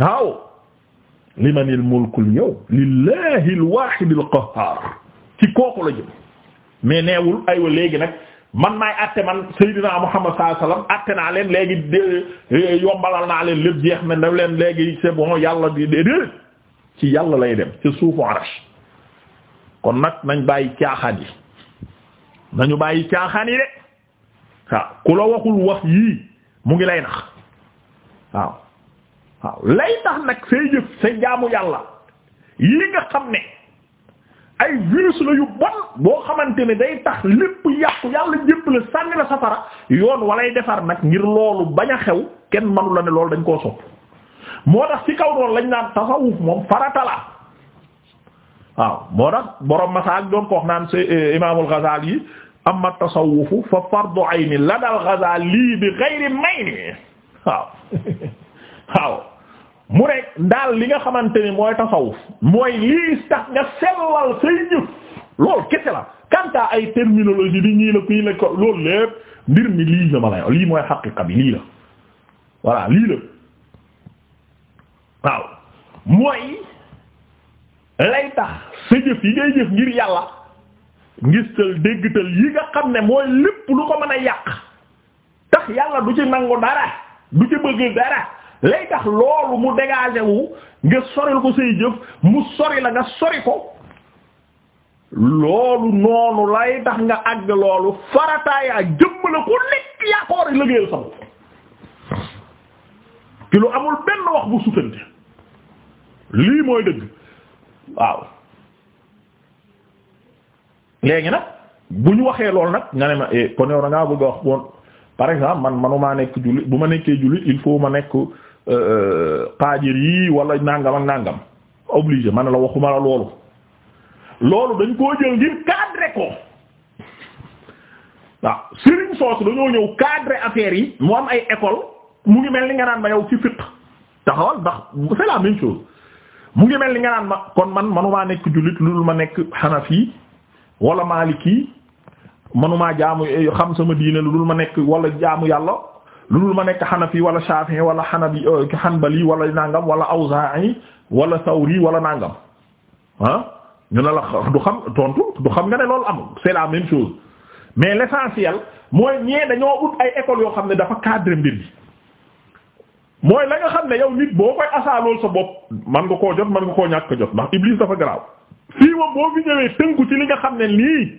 waaw limanil mulkul yow lillahi alwaahidil qahhaar ci kooku la jëm mais neewul aywa léegi nag man maay àtte man Seydina Muhammad sallallahu alayhi wasallam àtte naa leen léegi yombalal naa leen lépp jeex na daf leen léegi c'est bon yàlla di déedéet ci yàlla lay dem ci suufu arash kon nag nañ bàyyi caaxaan yi nañu bàyyi caaxaan yi de waaw ku waxul wax yii mu ngi lay nax waaw waaw lay tax nag say jëf say jaamu yàlla yi nga xam ne ay virus la yu bon boo xamante ne day tax lépp yàqu yàlla jëpp la sànni la safara yoon walay defar nag ngir loolu bañ a xew kenn manu la ne loolu dañ koo sopp moo tax ci kaw loolu lañ naan tasawuf moom farata waaw moo tax borom masaal doon ko wax naan si eh, imaamul Ghazali yi amma tasawufu fa fardu ayni la dal Ghazali bi ghayri mayni waaw waaw mu ne daal li nga xamante ni mooy tasawuf mooy lii tax nga sellal say jëf loolu kese la kanta ay terminologie bi ñii la kii la ko loolu lépp mbir mi lii la ma lay lii mooy xaqiqa bi lii la voilà lii la waaw mooy lay tax sa jëf yi ngay jëf ngir yàlla ngistal déggtal yi nga xam ne mooy lépp lu ko mën a yàq tax yàlla du ci nangu dara du ci bëgg dara lay tax loolu mu dégagé wu nga soril ko say jëf mu sori la nga sori ko loolu noonu lay tax nga àgg loolu farataayaa jëmm la ku nekk yaa ko war a lu amul bu lii mooy dëgg léegi nag bu ñu waxee loolu nag nga ne ma eh, kon yow da ngaa bëgg a wax bon par exemple man manumaa nekk jullit bu ma nekkee jullit il faut ma nekk xaajir yi wala nàngam ak nàngam obligé man na la waxuma la loolu loolu dañ koo jël ngir cadrer ko waaw sëriñ soos dañoo ñëw cadrer affaires yi moo am ay école mu ngi mel ni nga naan ma yow ci taxawal ndax c'est la même mu ngi mel ni nga naan ma kon man manumaa nekk jullit lu ma nekk xanafi wala maliki manumaa jaamu eh, xam sama diine lu dul ma nekk wala jaamu yàlla lu dul ma nekk xanafi wala shafi'i wala xanabi xanbali euh, wala nangam wala awza'i wala sawri wala nangam ah ñu ne la du xam tontu du xam nga ne loolu amul c'est la même chose mais l'essentiel mooy ñee dañoo ut ay écoles yoo xam ne dafa cadre mbir bi mooy la nga xam ne yow nit boo koy asaalool sa bopp man nga koo jot man nga koo ñàkk jot ndax Iblis dafa garaaw fii moom boo fi ñëwee tënku ci li nga xam ne nii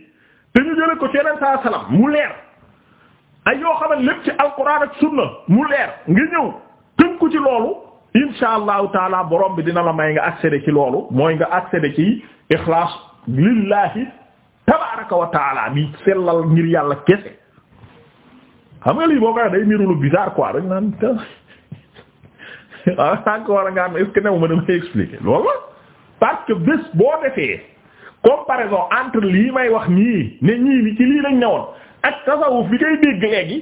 te ñu jële ko ci yeneen saa mu leer. ay yoo xaman lépp ci alquran ak sunna mu leer nga ñëw ko ci loolu insha allahu taala borom bi dina la may nga accéder ci loolu mooy nga accéder ci ixlaas lillahi tabaraka wa taala sellal ngir yàlla kese xam nga lii boo koy day niru lu bizarre quoi rek naan te waaw encore nga am est que new ma damay expliquer loolu la parce que bés boo defee comparaison entre lii may wax nii ne ñii ni ci lii lañ newoon ak tasawuf bi koy dégg léegi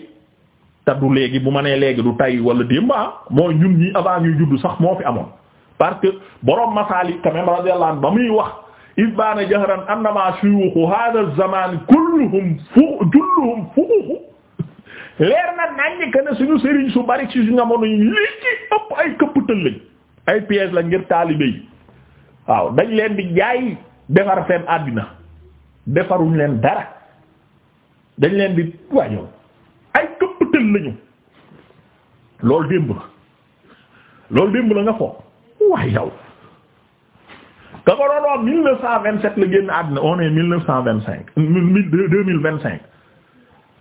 te du léegi bu ma nee léegi du tay wala démb ah mooy ñun ñi avant ñuy juddu sax moo fi amoon parce que borom masaalik quand même radiyallahu anhu ba muy wax isbaana jahran annama shuyukhu hadha az-zaman kulluhum fu julluhum fuuxu leer na nañ que suñu sëriñ su bari ci suñu amoon nañu li ci ëpp ay këpp tëllañ ay pièces la ngir taalibe yi waaw dañ leen di jaay defar seen àddina defaruñ leen dara dañ leen di wàññiwoon ay këpp tël lañu loolu démb la loolu démb la nga foog waaye yow ka ko doon wax mille neuf cent vingt sept la génn àddina on est mille neuf cent vingt cinq mille deux mille vingt cinq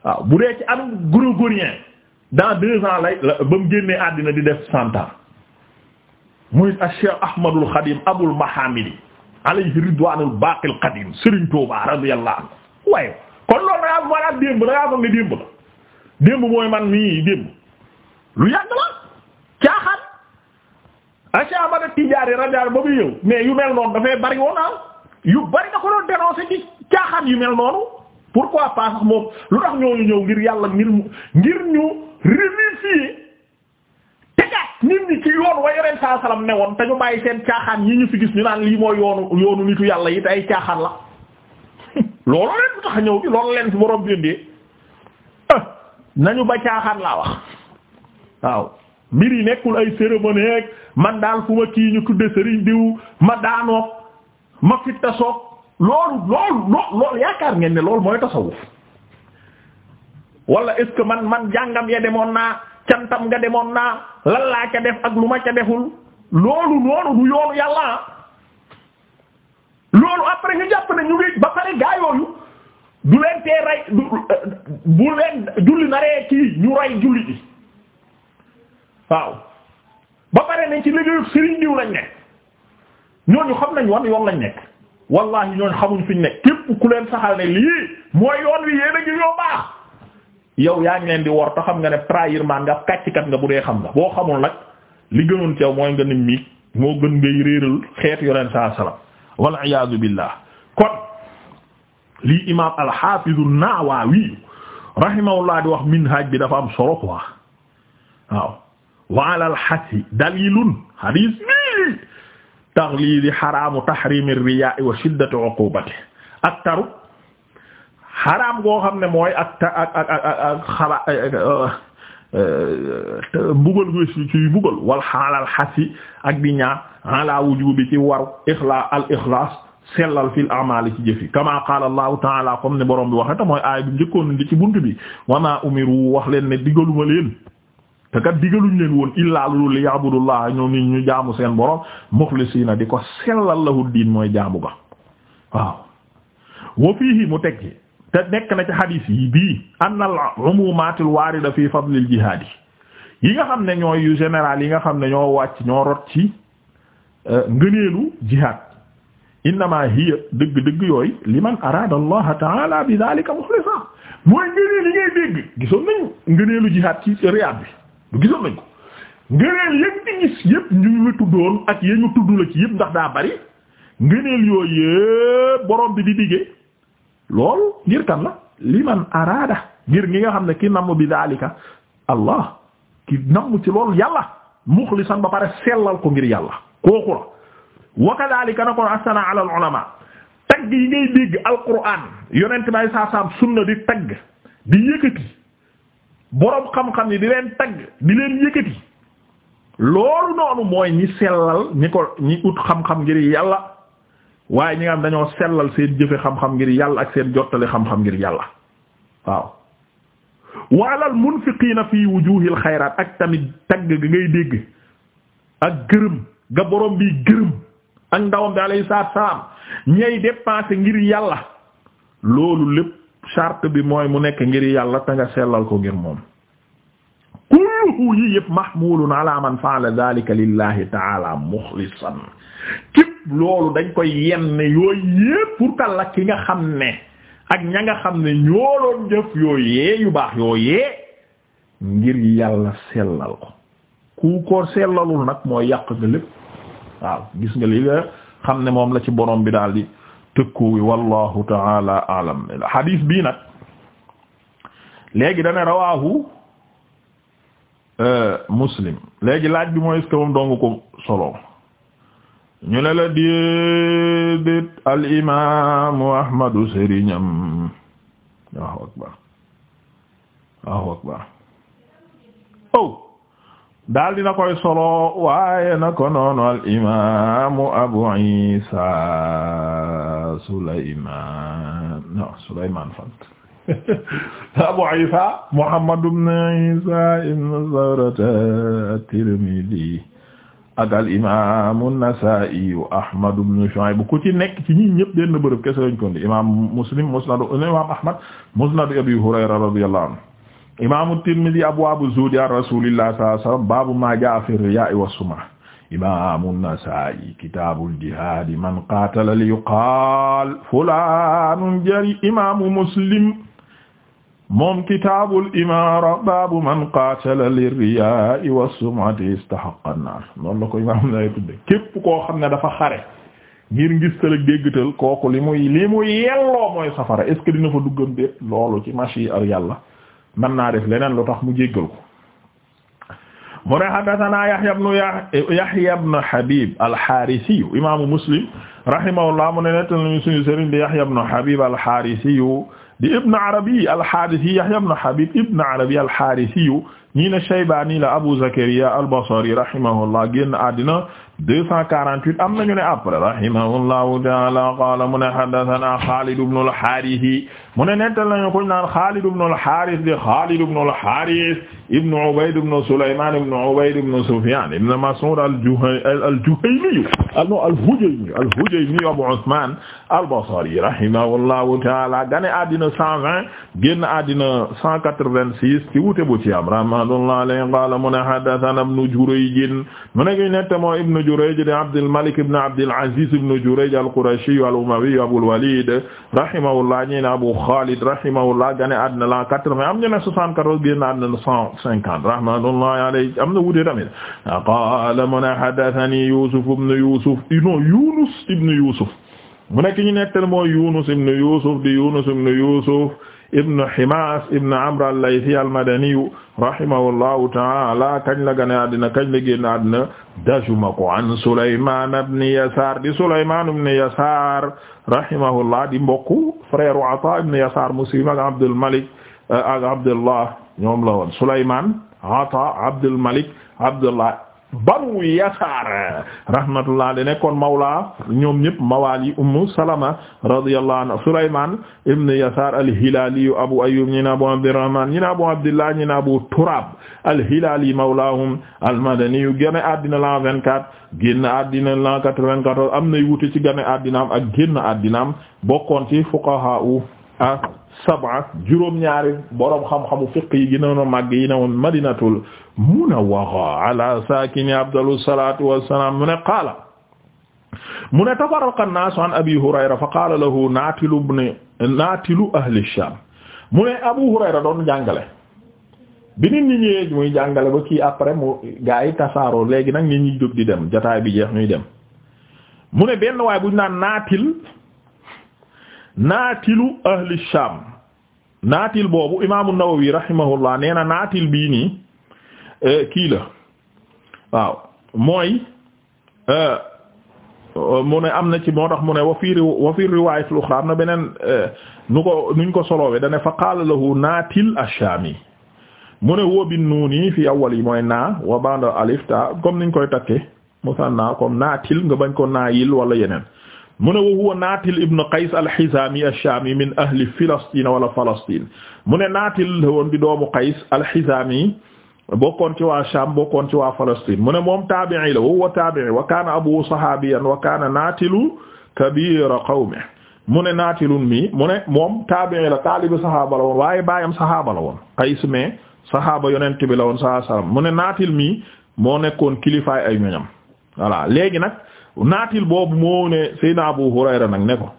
waaw bu dee ci am grégorien dans deux ans lay ba mu génnee àddina di def cent ans muy Cheikh Ahmadul Xadim Abul Mahamidi alayhi ridwanul baqil qadim Serigne Touba radiyallahu anhu waaye kon loolu da ngaa war a ne démb la démb mooy man mii démb lu yàgg la caaxaan ah Cheikh Ahmad Tidiane rajo ba muy ñëw mais yu mel noonu dafay bari woon ah yu bari da ko doon dénoncer ci caaxaan yu mel noonu pourquoi pas sax moom lu tax ñooñu ñëw ngir yàlla ngir ngir ñu remercier tegaat nit ñi ci yoon wa yoreen saa ne woon te ñu bàyyi seen caaxaan yi ñu fi gis ñu naan lii mooy yoonu yoonu nitu yàlla yi te ay caaxaan la. loolu leen tax ñëw bi loolu leen fi borom bindee ah, nañu ba caaxaan laa wax waaw mbir yi nekkul ay cérémonie man daal fu ma kii ñu tudde sëriñ diw ma daanoog ma fitta soog loolu loolu loolu mooy tasawuf wala est-ce man man jàngam ya demoon naa cantam nga demoon naa lan laa ca def ak lu ma ca deful loolu noonu du yoonu yàlla loolu après ñu jàpp ne ñu ngi ba pare gaa yooyu du leen tee rey du euh, bu leen julli naree kii ñu rey julli ji waaw ba pare nañ ci liggéeyu Serigne diw lañ nekk ñooñu xam nañ wan yoon lañ nekk wallahi ñooñu xamuñ fiñ nekk képp ku leen saxal ne lii mooy yoon wi yéen a ñoo baax yow yaa ngi leen di wor te xam nga ne trahir man nga kàccikat nga bu dee xam nga boo xamul nag li gënoon ci yow mooy nga nit mi moo gën ngay réeral xeetu yoneen saa salaam wal iyaadu billah kon lii imaam al-Haafiz an-Nawawi rahimahullah di wax minhaaj bi dafa am solo quoi waaw wa ala al-hasi dalilun hadiis bi taxliidi xaraamu taxriimi riyaa wa shiddati uqubati ak taru xaraam goo xam ne mooy ak ak ak ak xala Euh, euh, mbugal gu ciy mbugal wal xaalal xasi ak di ñaar ala wujubi ci waru ixlaa al ixlaas sellal fil a'maali ci jëf yi kama qaala allahu taala comme ne borom bi waxee mooy aay bi njëkkoon ci bunt bi wa maa wax leen ne digaluma leen te kat digaluñ leen woon illaa lu ya'budullaha ñoom ni ñu jaamu seen borom muxlisiina di ko sellal lahu diin mooy jaamu ba waaw wa fiihi mu tekki te nekk na ci xadiis yi bii an al umumatil waarida fi fadlil jihaad yi nga xam ne ñooy yu général yi nga xam ne ñoo wàcc ñoo rot ci euh, ngëneelu jihaad innama hiya dëgg-dëgg yooyu liman arada allah taala bi daalika muxlisa mooy ngëneel yi ngay dégg gisoon nañu ngëneelu jihaad ci Riyad bi du gisoon nañ ko ngëneel yëg di gis yëpp ñu la tuddoon ak yee ñu ci yëpp ndax daa bari ngëneel yooyu yëpp borom bi di liggéey loolu ngir kan la liman araada ngir ngi nga xam ne ki namm bi daalika allah ki namm ci loolu yàlla muxlisan ba pare sellal ko ngir yàlla kooku la wa kadhalika na kon asana ala al ulama yi ngay dégg alquran yonent bay saasaam sunna di tagg di yëkkati boroom xam-xam ni di leen tagg di leen yëkkati loolu noonu mooy ñi sellal ñi ko ñi ut xam-xam ngir yàlla waaye ñi nga xam dañoo sellal seen jëfe xam-xam ngir yàlla ak seen jottale xam-xam ngir yàlla waaw waalal munfiqiina fii wujuhil xayraat ak tamit tagg ga ngay dégg ak gërëm ga borom bi gërëm ak ndawam bi alayhi salaatu salaam ñay dépenser ngir yàlla loolu lépp charte bi mooy mu nekk ngir yàlla te nga sellal ko ngir moom kulluhu yi yëpp mahmulun ala man fa'ala dhalika lillahi ta'ala mukhlisan képp loolu dañ koy yenn yooyu yëpp pour kàlla nga xam ne ak ña nga xam ne ñooloon jëf yooyee yu baax yooyee ngir yàlla sellal ko ku ko sellalul nag mooy yàq nga lépp waaw gis nga li la xam ne moom la ci boroom bi daal di tëkku wallahu ta'ala a'lam xadiis bii nag léegi dana rawaahu Euh, muslim léegi laaj bi mooy est dong ko solo ñu ne la déedéet al imaamu ahmadu sëriñam waaw akbar waaw akbar oh daal dina koy solo waaye na ko noonu al imaamu abu isa sulayman non sulayman fant Abu Isa Muhammad ibn Isa ibn Zawrata at-Tirmidhi ak al imaam an-Nasaa'i Ahmad ibn Shu'ayb bu ku ci nekk ci ñi ñëpp benn bërëb kese lañ ko indi imaam Muslim musnad imaam Ahmad musnad Abi Hurayra radiyallahu anhu imaam at-Tirmidhi abwaabu zuhdi an Rasuulillah sallallahu alayhi wa sallam baabu maa jaa'a fi riyaa'i was-sum'a imaamu nasaa'i kitaabul jihaad man qaatala li yuqaal fulaanun jari imaamu muslim moom kitaabul imaara baabu man qaatala lirriyaa'i was-sum'ati istahaqqa an-naar noonu la ko imaam nay tudde képp koo xam ne dafa xare ngir ngistal ak déggtal kooku li muy li mu yelloo mooy safara est ce que dina fa duggam déet loolu ci machi ak yàlla mën naa def leneen lu tax mu jéggal ko mu ne haddasanaa Yahya ibnu Yahya ibnu Habib al-Haarisiyu imaamu Muslim rahimahullah mu ne nettali suñu sëriñ bi Yahya ibnu Habib al-Haarisiyu di ibn arabi alxaarisi yahya ibn habib ibn arabi alxaarisiyu ñii ne Shaybaani la Abu Zakariya al-Basri rahimahullah génn àddina 248 am nañu ne après rahimahullahu ta'ala qaala mu ne haddathana Xaalid ibn al-Haarith mu ne nettal nañu ko ñu naan Xaalid ibn al-Haarith di Xaalid ibn al-Haarith ibn Ubayd ibn Sulaymaan ibn Ubayd ibn Sufyaan ibn Mas'uud al-Juhaymi al-Hujaymi al-Hujaymi Abu Usmaan al-Basri rahimahullahu ta'ala gane àddina 120 génn àddina 186 ci wuute bu ci am rahmatullah alayhi qala mu ne haddathana ibnu Jurayj mu ne ki nette moo ibnu Jurayj di Abdulmalik ibnu Abdul Aziz ibnu Jurayj al-Qurashi al-Umawi Abul Walid rahimahullah ñi ne Abu Khalid rahimahullah gane àddina la 80 am ñu ne 74 génn àddina 150 rahmatullahi alayhi am na wuute tamit qala mu ne haddathani Yusuf ibnu Yusuf non Yunus ibnu Yusuf mu ne ki ñu nettali mooy Yunus ibnu Yusuf di Yunus ibnu Yusuf ibn Himaas ibn Amr al-Laythi al-Madaniyu rahimahullahu ta'ala kañ la gane àddina kañ la génn àddina dajuma ko an Sulaymaan ibn Yasaar di Sulaymaan ibn Yasaar rahimahullah di mbokku frère Ataa ibn Yasaar muslim ak Abdul Malik ak Abdullah ñoom la woon Sulaymaan Ataa Abdul Malik Abdullah banu yasaar rahmatullah ala nekkoon mawla ñoom ñëpp mawali ummu salama radiyallahu anha sulayman ibn yasaar al-hilali abu ayyub ñi na abu abdurrahman ñi na abu abdillah ñi turab al-hilali mawlahum al-madani génn àddina la 24 génn àddina la 94 am na wuute ci génn àddinaam ak génn àddinaam bokkoon ci fuqahaa sab'a juróom-ñaari boroom xam-xamu fiq yi gënoon a màgg yi ne woon madinatul munawwara ala sakini afdalu salatu mu ne qaala mu ne tafarraqa an-naasu an abi hurayra fa qaala lahu naatilu ibn naatilu ahli sham mu ne abu hurayra doon jàngale bi nit ñi ñëwee muy jàngale ba kii après mu gaa yi tasaaroo léegi nag nit ñi jóg di dem jataay bi jeex ñuy dem mu ne benn waay buñ naan naatil naatilu ahli Shaam naatil boobu imaamu Nawawi rahimahullah nee na naatil bii nii e, kii la waaw mooy e, mu ne am na ci moo tax mu ne wa fi wa na beneen e, nu ko nuñ ko solowee dane fa qaala lahu naatil ash-Shaami mu ne wobin nuuni fi awwal yi mooy naa wa ba'da alif comme niñ koy takke musanna comme naatil nga bañ ko naayil wala yeneen mu ne wa huwa Naatil ibn Qays al-Hizaami ash min ahli Filastiin wala Falastiin mu ne Naatil la woon di doomu Qays al-Hizaami bokkoon ci waa Shaam bokkoon ci waa Falastiin mu ne moom taabi'i la wa huwa taabi'i wa kaana abuu saxaabiyan wa kaana Naatilu mu ne Naatilun mi mu ne moom taabi'i la taalibu saxaaba la woon waaye baayam saxaaba la woon saxaaba yonent bi la woon sallallahu alayhi wa mi moo nekkoon kilifaay ay ñoñam voilà léegi nag naatil boobu moo ne Seydina Abu Hurayra nag ne ko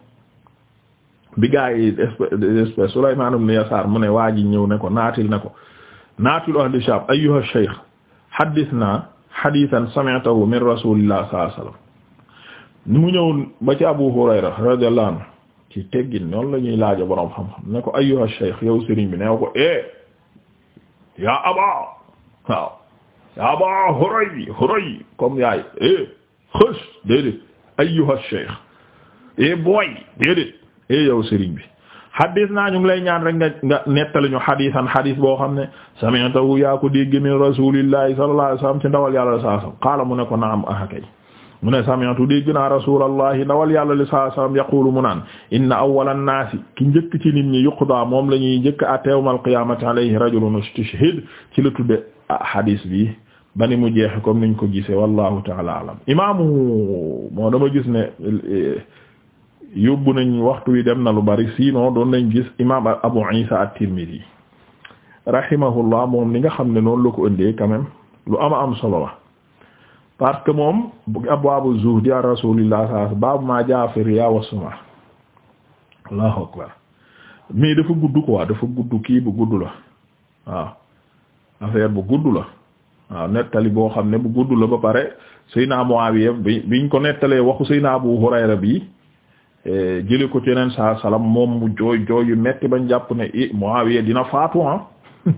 bi gaa yi espèce Yasaar mu ne waa ji ne ko naatil ne ko naatil ahli Shaam ayyuha shaykh haddithnaa hadithan sami'tahu min rasuulillah sallallahu mu ñëw ba ci Abu Hurayra radiyallahu anhu ci teggin noonu la ñuy laaja boroom xam-xam ne ko ayyuha shaykh yow sëriñ bi ne ko eh yaa aba waaw yaa aba yaay eh xës déedéet ayyuha shaykh e boy déedéet e yow sëriñ bi xadis naa ñu ngi lay ñaan rek nga nga nettali ñu xadisan xadis boo xam ne sami'tahu yaa ko dégg min rasulillahi sallallahu alayhi wasallam ci ndawal yàlla sallallahu alayhi mu ne ko naam ahakay mu ne sami'tu dégg naa rasulallahi ndawal yàlla sallallahu alayhi wasallam yaqulu mu naan inna awwala an-naasi ki njëkk ci nit ñi yuqda moom la ñuy njëkk a teewmal qiyaamati alayhi rajulun istishhid ci la tudde xadis ah, bii bani mu jeexe comme niñ ko gisee wallahu taala alam imaamu moo dama gis ne yóbbu nañ waxtu wi dem na lu bari sinon doon nañ gis imaam Abu Isa at-Tirmidhi rahimahullah moom li nga xam ne noonu la ko ëndee quand lu ama am solo la parce que moom abwaabu zuhdi an rasulillah sa baabu ma jaa fi riya wa suma allahu akbar mais dafa gudd quoi dafa gudd kii bu gudd la waaw affaire bu gudd la waaw nettali boo xam ne bu gudd la ba pare Seyna Muawiya bi biñ ko nettalee waxu Seyna Abu Hurayra bi e, jële ko ci yeneen saa salaam moom mu jooy metti bañ jàpp ne i Muawiya dina faatu ah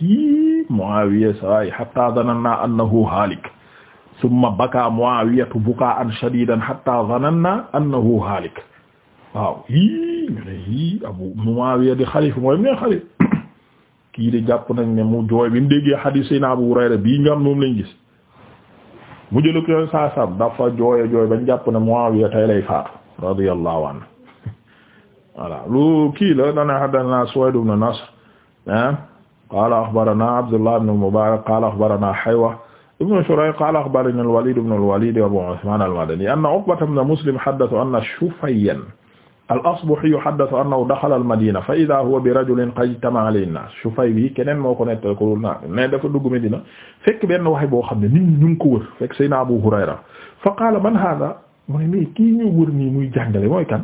i Muawiya saay hatta zananna annahu haalik summa baka Muawiyatu bukaan shadidan hatta zananna annahu haalik waaw i ñu ne i Abu Muawiya di xalif mooy xalif kii de jàpp nañ ne mu jooy bi Abu Hurayra bii nga am moom lañ mu jël ko saa dafa jooy jooy bañ jàpp ne Muawiya tay lay faatu radiyallahu anhu voilà lu kii la dana a Suwayd ibn Nasr ah a akhbarana Abdullah ibn mubarak qaala akhbarana Haywa ibn Shurayh qaala akhbarana al-Walid ibn al-Walid Abu Uthman al-Madani anna Uqbata ibn Muslim haddathahu anna Shufayyan al asbahi yuhaddathu annahu daxala al madina fa idha huwa bi rajulin qad ijtama'a alayhi an-nas Shufay bi keneen moo ko nettali ko na ne dafa dugg Medina fekk benn waxe boo xam ne nit ñi ñu ngi ko wër fekk Seydina Abu Hurayra fa qaala man hadha mooy mais kii ñu wër nii muy jàngale mooy kan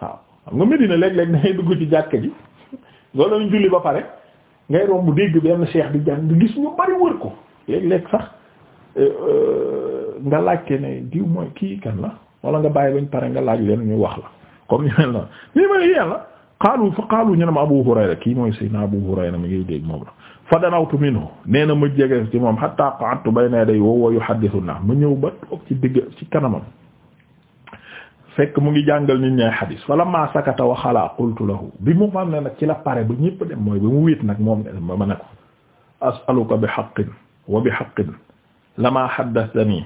waaw xam nga Medina léeg-léeg da ngay dugg ci jàkk ji loolu lañ julli ba pare ngay romb dégg benn cheikh di jàng di gis ñu bari wër ko léeg-léeg sax euh, euh, nga laajte ne diw mooy kii kan la wala nga bàyyi bañ pare nga laaj leen ñu wax la. comme ñu mel na ñi may yàlla qaalu fa qaalu ñu ne ma Abu Hurayra kii mooy Seydina Abu Hurayra mi ngi dégg moom la fa danawtu minhu nee na ma jege ci moom hatta qa'adtu bayna yaday wa huwa yuhaddithu an-nas ma ñëw ba toog ci digg ci kanamam fekk mu ngi jàngal nit ñay xadis fa lamma sakata wa xalaa qultu lahu bi mu xam ne nag ci la pare ba ñëpp dem mooy ba mu wéet nag moom ne ma ne ko as'aluka bi haqqin wa bi haqqin lama haddathani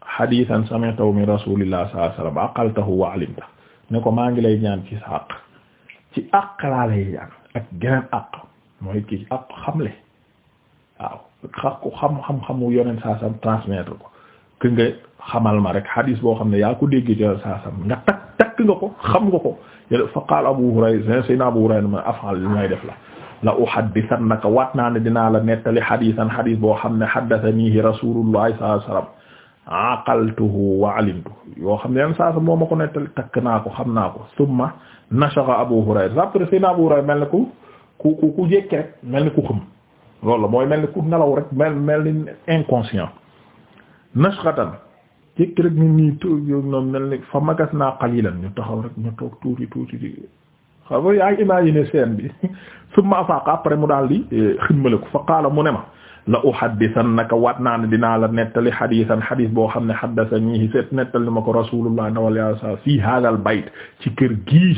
hadithan sami'tahu min rasulillah sallallahu alayhi wa sallam aqaltahu wa alimtahu ne ko maa ngi lay ñaan ci sa àq ci àq laa lay ñaan ak geneen àq mooy kii àq xamle waaw xaq ko xam xam xamu yoneen saasam transmettre ko que nga xamal ma rek hadis boo xam ne yaa ku dégg ci yoneen saasam nga takk takk nga ko xam nga ko fa qaala Abu Hurayra sayna Abu Hurayra ma afal li may def la la uhaddithannaka waat naa ne dinaa la nettali hadisan hadis boo xam ne haddathanihi Rasulullah sallallahu alayhi wasallam aqaltuhu wa alimtu yoo xam ne yenn saa sa moo ma ko nettali takk naa ko xam naa ko summa nashaqa Abu Hurayra après sayna Abu Hurayra mel ni ku ku ku ku rek mel ni ku xëm loolu mooy mel ni ku nelaw rek mel mel ni inconscient nashqatan jékki rek nit ñi tu noonu mel ni fa magas naa qalilan ñu taxaw rek ñu toog tuuti tuuti di xam nga yaa ngi imaginer scène bi summa afaqa après mu daal di eh, ximmal ko fa qaala mu ne ma la uhaddisannaka waat naa ne dinaa la nettali hadisan hadis boo xam ne haddasanihi seet nettali ma ko rasulullah na wala sa fii hadal bayt ci kër gii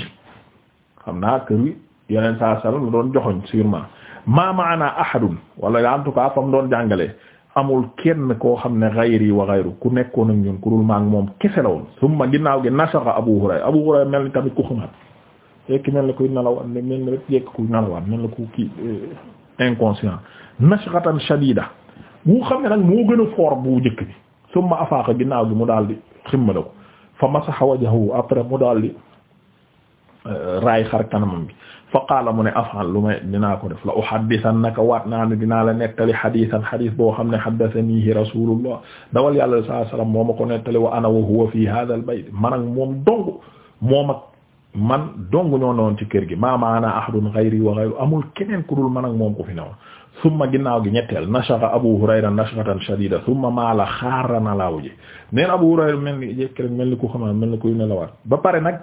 xam naa kër yi yeneen saa sala la doon joxoñ sûrement ma maana ahadun wala en tout cas fam doon jàngalee amul kenn ko xam ne gayri wa gayru ku nekkoon ak ñun ku moom kese la woon summa ginnaaw gi nasaxa Abu Hurayra Abu Hurayra mel ni tamit ku xumaat fekk mel ni kuy nelaw mel ni rek jekk kuy nelawaat mel ni ku euh, inconscient nashghatan shadida bu xam ne nag moo gën a fort bu njëkk bi summa afaaqa ginnaaw gi mu daal di ximmala ko fa masaha wajhahu après mu daal di euh, raay xar kanamam bi fa qaala mu ne afal lu may dinaa ko def la uhaddithannaka waat naa ne dinaa la nettali hadithan hadith boo xam ne haddathanihi rasulullah dawal yàlla sallallahu alayhi wasallam moo ma ko nettali wa ana wa huwa fi hadha al bayt man ak moom dong moom man dong ñoo newoon ci kër gi maama ana ahadun ghayri wa amul keneen ku dul man ak moom ko fi newoon summa ginnaaw gi ñetteel nashaqa Abu Hurayra nashqatan shadida summa maala xaara na laaw ji neen Abu Hurayra mel ni jekk rek mel ni ku xamaa mel ni kuy nelawaat ba pare nag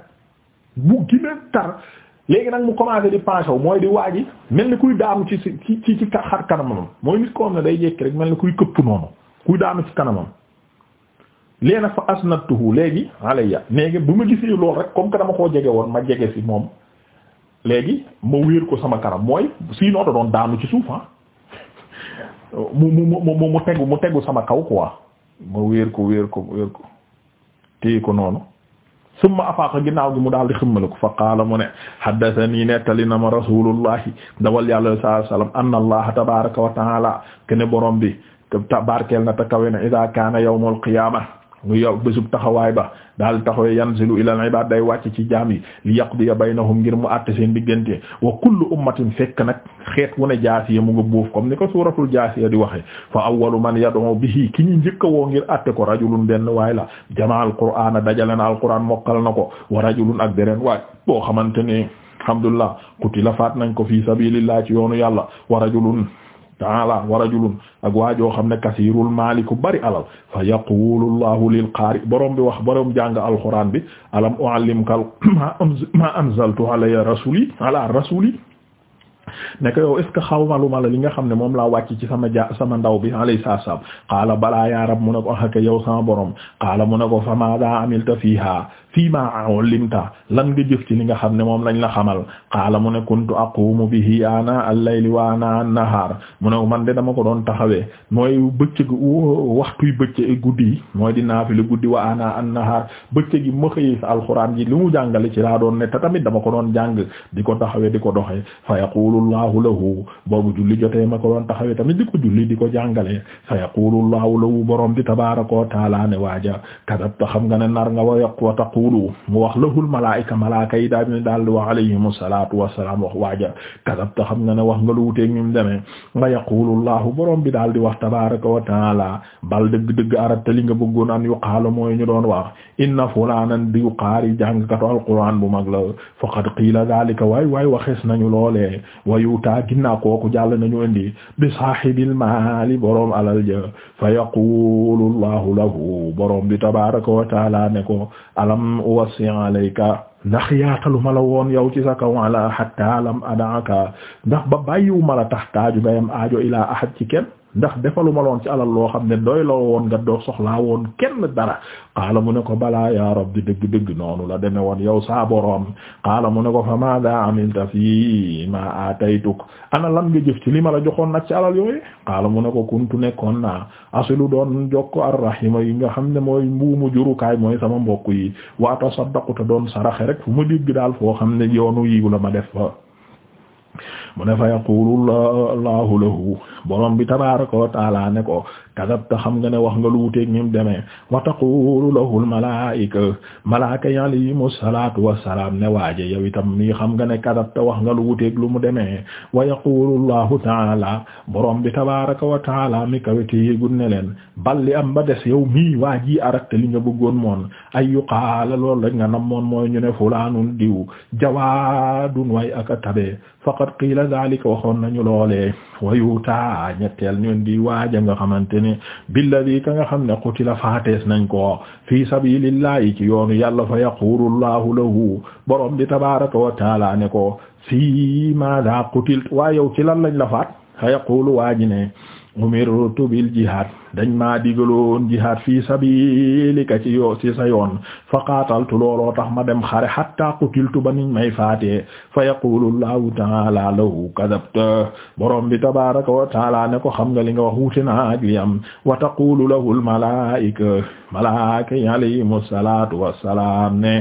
bu gën a tar léegi nag mu commencé di penché wu mooy di waaji mel ni kuy daanu ci ci ci ci xar kanamam mooy nit ko am ne day jekk rek mel ni kuy këpp noonu kuy daanu ci kanamam leena fa asnatuhu léegi alayya léegi bu ma gisee lool rek comme que dama koo jege woon ma jege ci moom léegi ma wéer ko sama karam mooy sinon da doon daanu ci suuf ah mu mu mu mu tegu mu tegu sama kaw quoi ma wéer ko wéer ko wéer ko téye ko noonu summa afaaqa ginnaaw gi mu daal di xëmmale ko fa qaala mu ne haddathanii nettali na ma rasulullahi dawal yàlla sallallahu alayhi wasallam anna allaha tabaraka wa taala kene borom bi tabarkeel na ta kawe na idaa kaana yawmul mu yow bésub taxawaay ba daal taxawee yanzilu ilal ibad day wàcc ci jaam yi li yaqdiya baynahum ngir mu àtte seen diggante wa kullu ummatin fekk nag xeet wu ne jaasiya mu nga buuf comme ni ko suuratul jaasiya di waxee fa awwalu man yad'u bihi ki ñu njëkk woo ngir àtte ko rajulun benn waay la jamaa alqur'ana dajale na alqur'an mokkal na ko wa rajulun ak beneen waay boo xamante ne alhamdulillah qutila faat nañ ko fi sabilillah ci yoonu yàlla wa rajulun taala wa rajulun ak waajoo xam ne kasirul maaliku bari alal fa yaqulu llahu lil qaari borom bi wax borom jàng alquran bi alam uallimka ma anzaltu alaya rasuli ne ko yow est ce que xawmaluma la li nga xam ne moom laa wàcc ci sama ja ndaw bi alayhi salaam qaala balaa yaa rab mu ne ko ah sama borom qaala mu ne ko fa maa amilta fiihaa fiima ullimta lan nga jëf li nga xam ne moom lañ la xamal qaala mu ne kuntu aqumu bihi ana al-layli wa ana an-nahar mu ne man de dama ko doon taxawee mooy bëccëg waxtuy bëccëg guddi yi mooy di naafila guddi wa ana an-nahar bëccëg yi ma xëyee sa alxuraan ji li mu jàngale ci laa doon ne tamit dama ko doon jàng di ko taxawee di ko doxee fa yaqulu allahu lahu boobu julli jotee ma ko doon taxawee tamit di ko julli di ko jàngalee fa yaqulu allahu lahu borom bi tabaaraka yaquulu mu wax lahul malaayika malaaka yi daal daal di wax alayhimu salaatu wassalaam wax waaja kadabta xam nga ne wax nga lu wuteeg ñu demee nga yaquulu laahu borom bi daal di wax tabaaraka wa taala bal dëgg-dëgg arata li nga bëggoon an yuqaalu mooy ñu doon wax inna fulaanan di yuqaari jàngkatu alquraan bu mag la faqad qiila daalika waay waay waxees nañu loolee wayutaa ginnaaw kooku jàll nañu indi bi saahibil maali borom alal ja fa yaquulu laahu lahu borom bi tabaaraka wa taala ne ko alam lam uwassi alayka ndax yaatalu ma la woon yow ci sa kaw ala hatta lam adaaka ndax ba bàyyiwu ma la tax taaju nga yam aajo ilaa ahad ci kenn ndax defaluma loon ci alal loo xam ne doy woon nga doo soxlaa woon kenn dara qaala mu ne ko balaa yaarob rabbi dëgg-dëgg noonu la deme woon yow saa boroom qaala mu ne ko fa maada amilta fii ma ataytuk ana lan nga jëf ci li ma la joxoon nag ci alal yooyu qaala mu ne ko kuntu nekkoon naa asilu doon jokk arrahima yi nga xam ne mooy mbuumu jurukaay mooy sama mbokk yi wa tasaddaqu te doon saraxe rek fu mu dégg daal foo xam ne yoonu yiwu la ma def fa mu ne fa yaqulu allahu lahu borom bi tabaaraka wa taala ne ko kadabta xam nga ne wax nga lu wuteeg ñim demee wa taqulu lahu almalaika malaaka yi alayhimu wa wassalaam ne waaje yow itam nii xam nga ne ta wax nga lu wuteeg lu mu demee wa yaqulu llahu taala borom bi tabaraka wa taala mi kawite yéegun ne leen bal li am ba des yow mii waa ji arakte li nga bëggoon moon ay yuqaala loolu rek nga nam moon mooy ñu ne fulaanun diw jawaadun way ak a tabee faqad qiila daalika waxoon nañu loolee wayutaa ñetteel ñun di waaja nga xamante ne ne billadi ka nga xam ne qutila faatees nañ ko fii sabilillahi ci yoonu yàlla fa yaqulu llahu lahu borom bi tabaraka wa taala ne ko fii maada qutilt waa yow ci lan lañ la faat fa yaqulu waa ji ne umirtu bil jihad dañ maa digaloon jihad fii sabilika ci yoo ci sa yoon fa qataltu looloo tax ma dem xare hatta qutiltu ba niñ may faatee fa yaqulu llahu taala lahu kadabta borom bi tabaraka wa ne ko xam nga li nga wax wuute na ak am wa taqulu lahu al malaika malaaka alayhimu wassalaam ne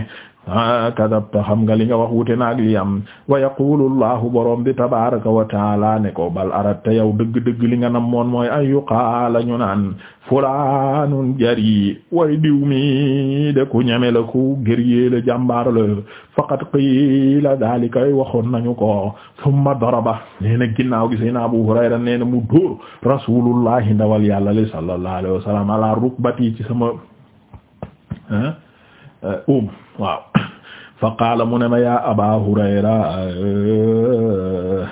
kadabta xam nga li nga wax wute naa li yam wa yaqulu llahu borom bi tabaraka wa ne ko bal aradta yow dëgg-dëgg li nga nam moon mooy an yuqaala ñu naan fulaanun jari way diw mi de ku ñeme la ku guerrier la jàmbaar la faqad qiila daalika waxoon nañu ko summa daraba nee na ginnaaw gi sayna Abu Hurayra nee na mu dóor rasulullahi ndawal yàlla li sallallahu alayhi wa sallam rukbati ci sama ah Euh, um waaw fa qaala mu ne ma yaa Abaa Hurayra euh,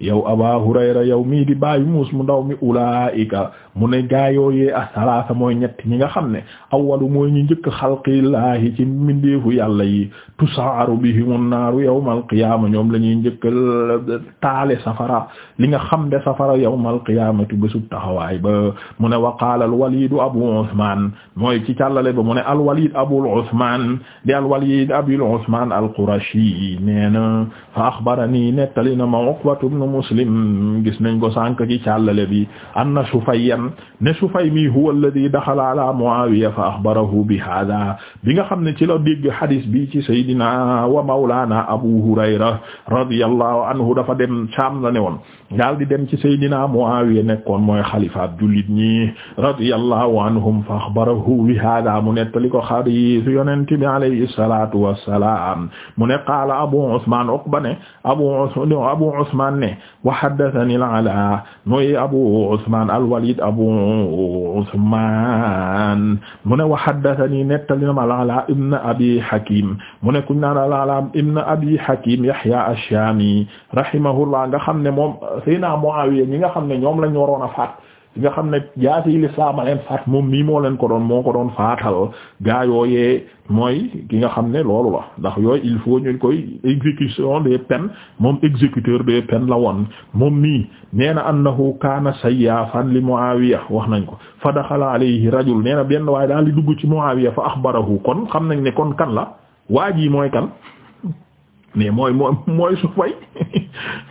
yow Aba Hurayra yow mii di bàyyi muus mu ndaw mi ulaa'ika mu ne gaayooyee asalaasa ah mooy ñett ñi nga xam ne awwalu mooy ñu njëkk xalqillaahi ci mbindeefu yàlla yi tusaaru naar naaru yawmal qiyaama ñoom la ñuy njëkk taale safara li nga xam ne safara yawmal qiyaamati bésub taxawaay ba mu ne wa qaala al-Waliid Abu Usmaan mooy ci càllale ba mu ne al-Waliid Abul al-Waliid Abul Usmaan al-Qurashi nee na fa axbaranii nettali na ma Uqbatu muslim gis nañ ko sànk ci càllale bi anna Shufayyan ne Shufay mi huwa alladhi dakhala ala Muawiya fa akhbarahu bi hadha bi nga xam ne ci la dégg hadis bi ci saydina wa mawlana Abu Hurayra radiyallahu anhu dafa dem Sham la ne woon daal di dem ci saydina Muawiya nekkoon mooy xalifa jullit ñi radiyallahu anhum fa akhbarahu bi hadha mu nettali ko hadis yonent bi alayhi salatu wassalam mu ne qaala Abu Usman Uqba ne Abu Abu Usman ne ne wa haddathani al-Alaa mooy Abu Usmaan al-Waliid Abu Usmaan mu ne wa haddathani nettali na ma al-Alaa ibn Abi Hakiim mu ne kuñ naan al-Alaa ibn Abi Hakiim Yahyaa ash-Shaami rahimahullah nga xam ne moom Seydina Muawiya ñi nga xam ne ñoom lañ waroon a faat yi nga xam ne jaasi lislaam a leen faat moom mii moo leen ko doon moo ko doon faatal gaa yooyee mooy ki nga xam ne loolu la ndax yooyu il faut ñu koy exécution des peines moom exécuteur des peines la woon moom mii nee na annahu kaana sayyaafan li Muawiya wax nañ ko fa daxala alayhi rajul nee na benn waaye daal di dugg ci Muawiya fa axbarahu kon xam nañ ne kon kan la waa ji mooy kan mais mooy mooy mooy su fay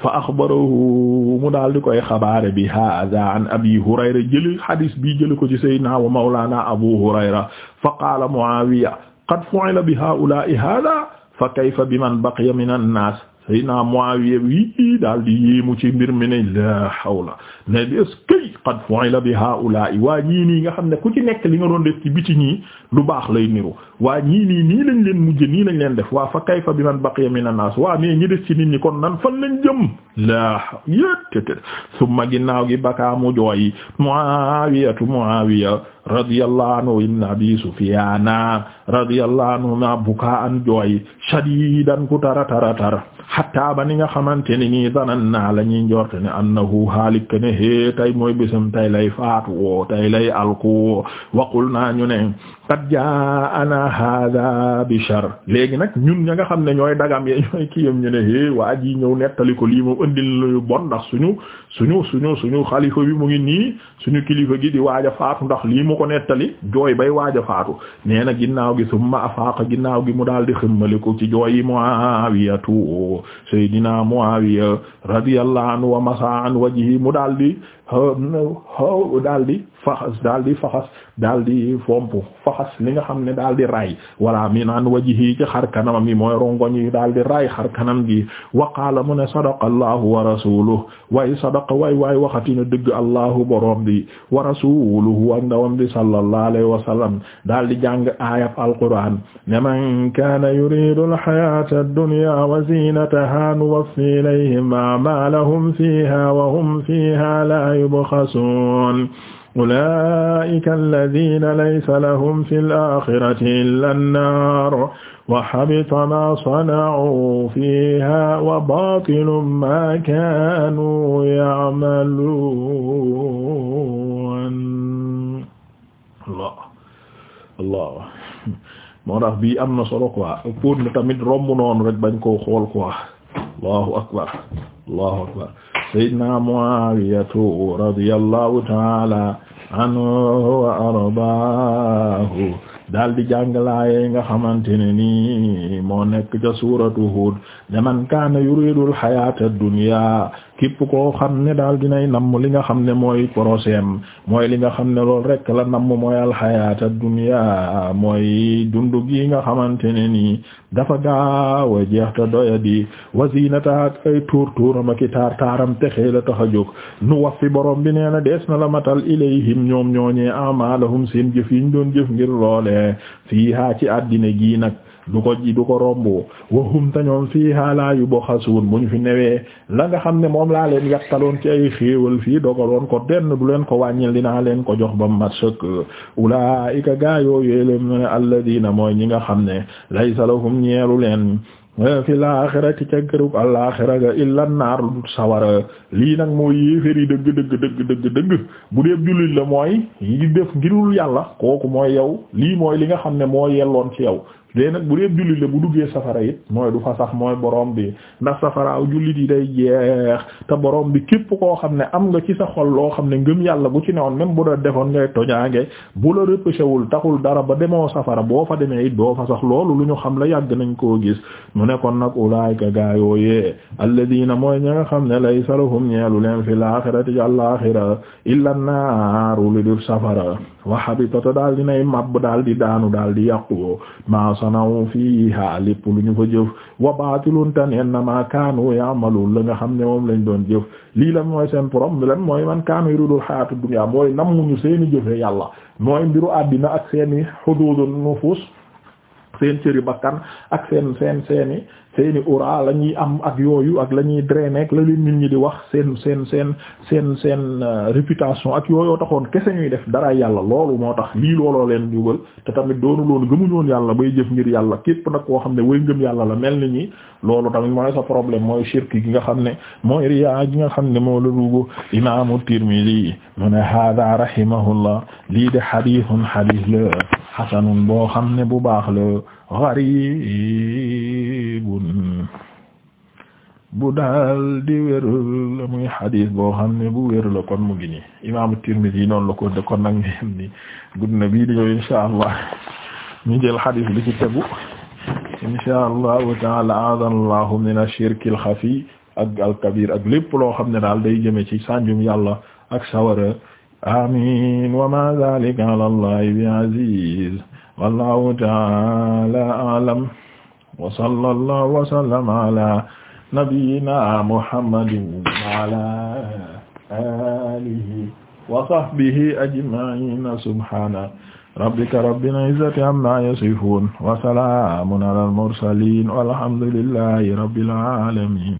fa axbarahu mu daal di koy xabaare bi hada an abi hurayra jëli hadis bi jëli ko ci sayyidina wa mawlana abu hurayra fa qaala muawiya qad fu'ila bi haa'ulaa'i hada fa kayfa bi man baqiya min an-naas Seydina Muawiya wi daal di mu ci mbir mi ne la hawla ne di eskay qad fu'ila bi haa'ulaa'i waa ñii nii nga xam ne ku ci nekk li nga doon def ci biti ñii lu baax lay niru waa ñii nii nii lañ leen mujj nii lañ def waa fa kayfa bi man baqiya min an-naas waa mais ñi des ci nit ñi kon nan fan lañ jëm laa yétttë summa ginnaaw gi bakaa mu jooy Muawiyatu Muawiya radiyallahu anhu ibn Abi Sufyaana radiyallahu anhu ma bukaa an jooy ku tara tara tara xatta ba ni nga xamante ne nii danan naa la ñuy njorte ne annahu haalik ne hee tay mooy bésam tay lay faatu woo tay lay alku waqul naa ñu ne qad jaana hada bi shar léegi nag ñun ña nga xam ne ñooy dagam ye ñooy kiyam ñu ne hee waa ji ñëw nettali ko lii moom andil lu bon ndax suñu suñu suñu suñu xalifa bi mu ngi nii suñu kilifa gi di waaj faatu ndax lii mu ko nettali jooy bay waaja faatu nee na ginnaaw gi summa afaaqa ginnaaw gi mu daal di ko ci jooy yi Muawiyatu ko Seydina Muawiya radiyallahu anhu wa masa an wajhi mu daal di xaw daal di faxas daal di faxas daal di fomp faxas li nga xam ne daal di raay wala mi naan wajihi ci xar kanam mi mooy rongoñ yi daal di raay xar kanam gi waqaala mu ne sadaqa allahu wa rasuluhu way sadaqa way waay waxati na dëgg allahu borom bi wa rasuluhu ak ndawam bi sallallahu alayhi wa sallam di jàng aayab yuridu alxayata ad-dunya wa zinataha nuwaffi ilayhim a'malahum fiha wa hum fiha la yubxasuun ulaa'ika allaziina laysa lahum fil aaxirati illaa naar wa habita maa sana'uu fiihaa wa baatilun maa kaanuu ya'maluun Allah Allah moo tax bii am na solo quoi pour tamit romb noonu rek bañ koo xool quoi allahu akbar allahu akbar sayyidina Muawiyatu radiyallahu ta'ala anhu wa ardaahu daal di jàngalaaye nga xamante ne ni moo nekk ca suuratu Hud man kaana yuriidu al-hayaata ad-dunya képp koo xam ne daal dinay namm li nga xam ne mooy prochain mooy li nga xam ne lool rek la namm mooy alxayaata dunya mooy dundu gi nga xamante ne nii dafa gaaw a jeex te doyadi wazinata ak ay tuur tuuram ak i taar taaram texee la tax a jóg nu wax fi borom bi nee na la matal ilayhim ñoom ñooñee amalahum seen jëf yiñ doon jëf ngir loolee fiihaa ci àddina gi nag du ko ji du ko rombo wahum ta ñoom fiihaa laa bu ñu fi newee la nga xam ne moom laa leen yattaloon ci ay xéewal fii dogaloon ko denn du leen ko wàññil dinaa leen ko jox ba mat sëkk ulaa'ika gaa yooyéele mu ne alladiina mooy ñi nga xam ne laysa lahum ñeelu leen e, fi laaxirati ca kërug alaaxira ga illa naar lu sawara lii nag moo yéeféri dëgg dëgg dëgg dëgg dëgg bu dee jullit la mooy yi def ngirul yàlla kooku mooy yow lii mooy li nga xam ne moo yelloon ci yow léegi nag bu dee jullit la bu duggee safara it mooy du fa sax mooy boroom bi ndax aw jullit yi day jeex te borom bi képp koo xam ne am nga ci sa xol loo xam ne ngëm yàlla bu ci newoon même bu da defoon ngay tojaange bu la rëpëcewul taxul dara ba demoo safara boo fa demee it doo fa sax loolu lu ñu xam la yàgg nañ koo gis mu nekkoon nag ulaayka gaayooyee alladina mooy ña nga xam ne lay salahum ñeelu leen fi laaxirati àllaaxira illa naaru li dul safara waxabitata daal dinay màbb daal di daanu daal di yàqu ma sanaw fiha lépp lu ñu fa jëf wa baatilun tan innama kaanu ya'malun la nga xam ne moom lañ doon jëf lii la mooy seen problème mooy man kaanu yuridul hayatud dunya mooy nammuñu seeni jëfe yàlla mooy mbiru àddina ak seeni hududun nufus seen cëri bakkan ak seen seen seeni seeni ura la ñuy am ak yooyu ak la ñuy drainer ak la leen nit ñi di wax seen seen seen seen seen euh, réputation ak yooyoo taxoon kese ñuy def dara yàlla loolu moo tax lii looloo leen dugal te tamit doonu loon gëmuñoon yàlla bay jëf ngir yàlla képp nag koo xam ne way ngëm yàlla la mel ni ñi loolu tamit mooy sa problème mooy shirk gi nga xam ne mooy riyaa gi nga xam ne moo la dugu imaamu Tirmidhi mu ne hada rahimahullah lii de hadithun hadith la xasanun boo xam ne bu baax la gharibun bu daal di muy xadis boo xam ne bu wér la kon mu ngi nii imaamu Tirmidhi noonu la ko de kon nag ñu ni gudd na bii di ñëw insha allah ñu jël xadis bi ci tegu insha allahu taala aadan allahu min ash-shirki al-xafi ak al-kabir ak lépp loo xam ne daal day jëme ci sànjum yàlla ak sawara amin wa ma zalika ala allahi bi aziz wallahu ta'ala a'lam wa sallallahu wa sallama ala nabiyyina muhammadin wa ala alihi wa sahbihi ajma'in subhana rabbika rabbil izzati amma yasifun wa salamun ala al mursalin walhamdulillahi rabbil alamin